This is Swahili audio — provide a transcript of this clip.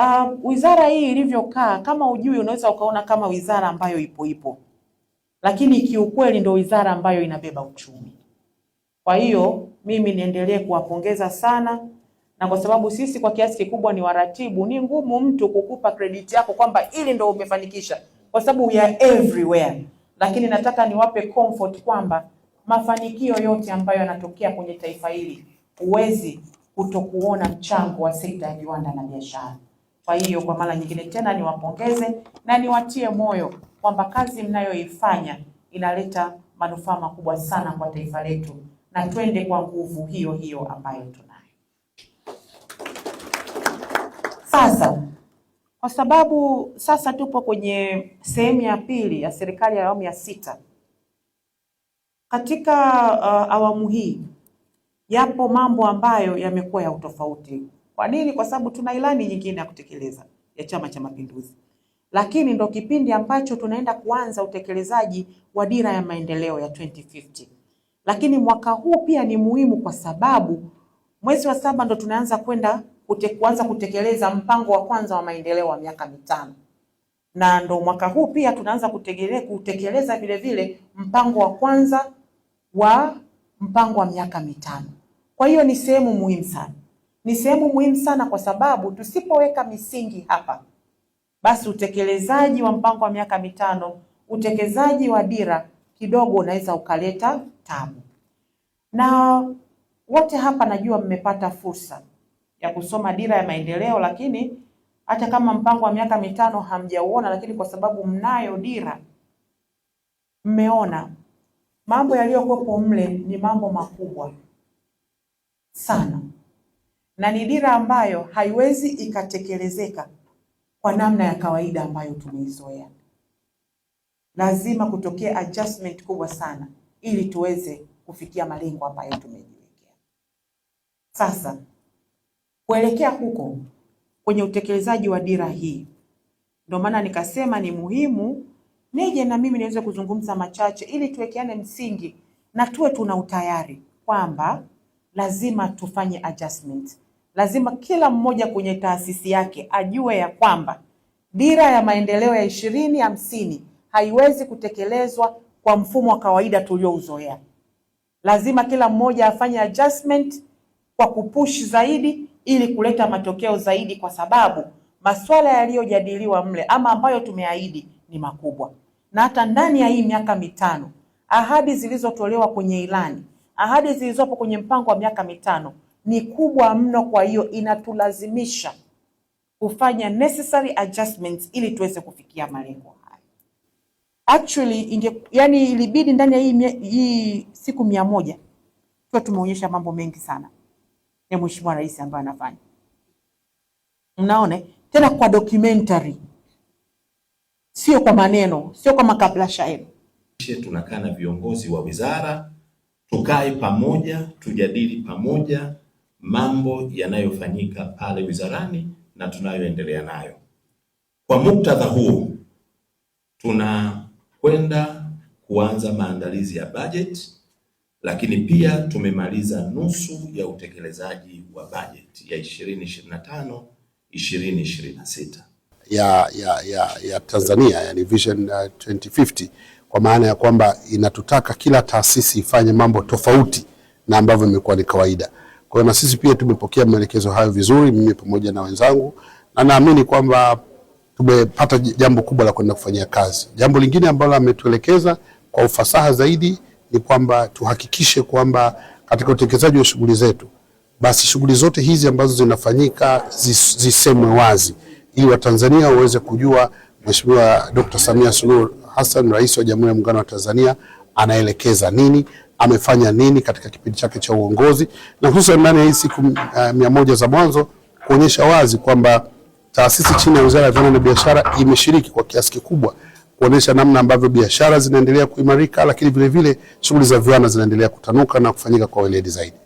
Um, wizara hii ilivyokaa, kama ujui, unaweza ukaona kama wizara ambayo ipo ipo, lakini kiukweli ndio wizara ambayo inabeba uchumi. Kwa hiyo mimi niendelee kuwapongeza sana, na kwa sababu sisi kwa kiasi kikubwa ni waratibu, ni ngumu mtu kukupa krediti yako kwamba ili ndio umefanikisha, kwa sababu we are everywhere, lakini nataka niwape comfort kwamba mafanikio yote ambayo yanatokea kwenye taifa hili huwezi kutokuona mchango wa sekta ya viwanda na biashara. Kwa hiyo kwa mara nyingine tena niwapongeze na niwatie moyo kwamba kazi mnayoifanya inaleta manufaa makubwa sana kwa taifa letu, na twende kwa nguvu hiyo hiyo ambayo tunayo sasa, kwa sababu sasa tupo kwenye sehemu ya pili ya serikali ya awamu ya sita. Katika uh, awamu hii yapo mambo ambayo yamekuwa ya utofauti. Kwa nini? Kwa sababu tuna ilani nyingine ya kutekeleza ya Chama cha Mapinduzi, lakini ndo kipindi ambacho tunaenda kuanza utekelezaji wa dira ya maendeleo ya 2050. Lakini mwaka huu pia ni muhimu kwa sababu mwezi wa saba ndo tunaanza kwenda kute, kuanza kutekeleza mpango wa kwanza wa maendeleo wa miaka mitano na ndo mwaka huu pia tunaanza kutegele, kutekeleza vile vile mpango wa kwanza wa mpango wa miaka mitano. Kwa hiyo ni sehemu muhimu sana, ni sehemu muhimu sana kwa sababu tusipoweka misingi hapa, basi utekelezaji wa mpango wa miaka mitano, utekelezaji wa dira kidogo unaweza ukaleta tabu. Na wote hapa najua mmepata fursa ya kusoma dira ya maendeleo, lakini hata kama mpango wa miaka mitano hamjauona, lakini kwa sababu mnayo dira, mmeona mambo yaliyokuwepo mle ni mambo makubwa sana na ni dira ambayo haiwezi ikatekelezeka kwa namna ya kawaida ambayo tumeizoea. Lazima kutokea adjustment kubwa sana ili tuweze kufikia malengo ambayo tumejiwekea. Sasa kuelekea huko kwenye utekelezaji wa dira hii, ndio maana nikasema ni muhimu nije na mimi niweze kuzungumza machache ili tuwekeane msingi na tuwe tuna utayari kwamba lazima tufanye adjustment. Lazima kila mmoja kwenye taasisi yake ajue ya kwamba dira ya maendeleo ya ishirini hamsini haiwezi kutekelezwa kwa mfumo wa kawaida tuliouzoea. Lazima kila mmoja afanye adjustment kwa kupush zaidi ili kuleta matokeo zaidi, kwa sababu masuala yaliyojadiliwa mle ama ambayo tumeahidi ni makubwa, na hata ndani ya hii miaka mitano ahadi zilizotolewa kwenye ilani ahadi zilizopo kwenye mpango wa miaka mitano ni kubwa mno. Kwa hiyo inatulazimisha kufanya necessary adjustments ili tuweze kufikia malengo haya. Actually inge, yani ilibidi ndani ya hii, hii siku mia moja tuwa tumeonyesha mambo mengi sana ya Mheshimiwa Rais ambaye anafanya mnaone tena kwa documentary, sio kwa maneno, sio kwa makabla yenu. Tunakaa na viongozi wa wizara tukae pamoja, tujadili pamoja mambo yanayofanyika pale wizarani na tunayoendelea nayo. Kwa muktadha huo, tunakwenda kuanza maandalizi ya bajeti, lakini pia tumemaliza nusu ya utekelezaji wa bajeti ya 2025 2026 ya, ya, ya, ya Tanzania yani Vision 2050 uh, kwa maana ya kwamba inatutaka kila taasisi ifanye mambo tofauti na ambavyo imekuwa ni kawaida. Kwa hiyo na sisi pia tumepokea maelekezo hayo vizuri, mimi pamoja na wenzangu, na naamini kwamba tumepata jambo kubwa la kwenda kufanyia kazi. Jambo lingine ambalo ametuelekeza kwa ufasaha zaidi ni kwamba tuhakikishe kwamba katika utekelezaji wa shughuli zetu, basi shughuli zote hizi ambazo zinafanyika zisemwe wazi ili Watanzania waweze kujua Mheshimiwa Dr. Samia Suluhu Hassan, rais wa Jamhuri ya Muungano wa Tanzania, anaelekeza nini, amefanya nini katika kipindi chake cha uongozi na hususan ndani ya hii siku uh, mia moja za mwanzo kuonyesha wazi kwamba taasisi chini ya Wizara ya Viwanda na Biashara imeshiriki kwa kiasi kikubwa kuonyesha namna ambavyo biashara zinaendelea kuimarika, lakini vilevile shughuli za viwanda zinaendelea kutanuka na kufanyika kwa weledi zaidi.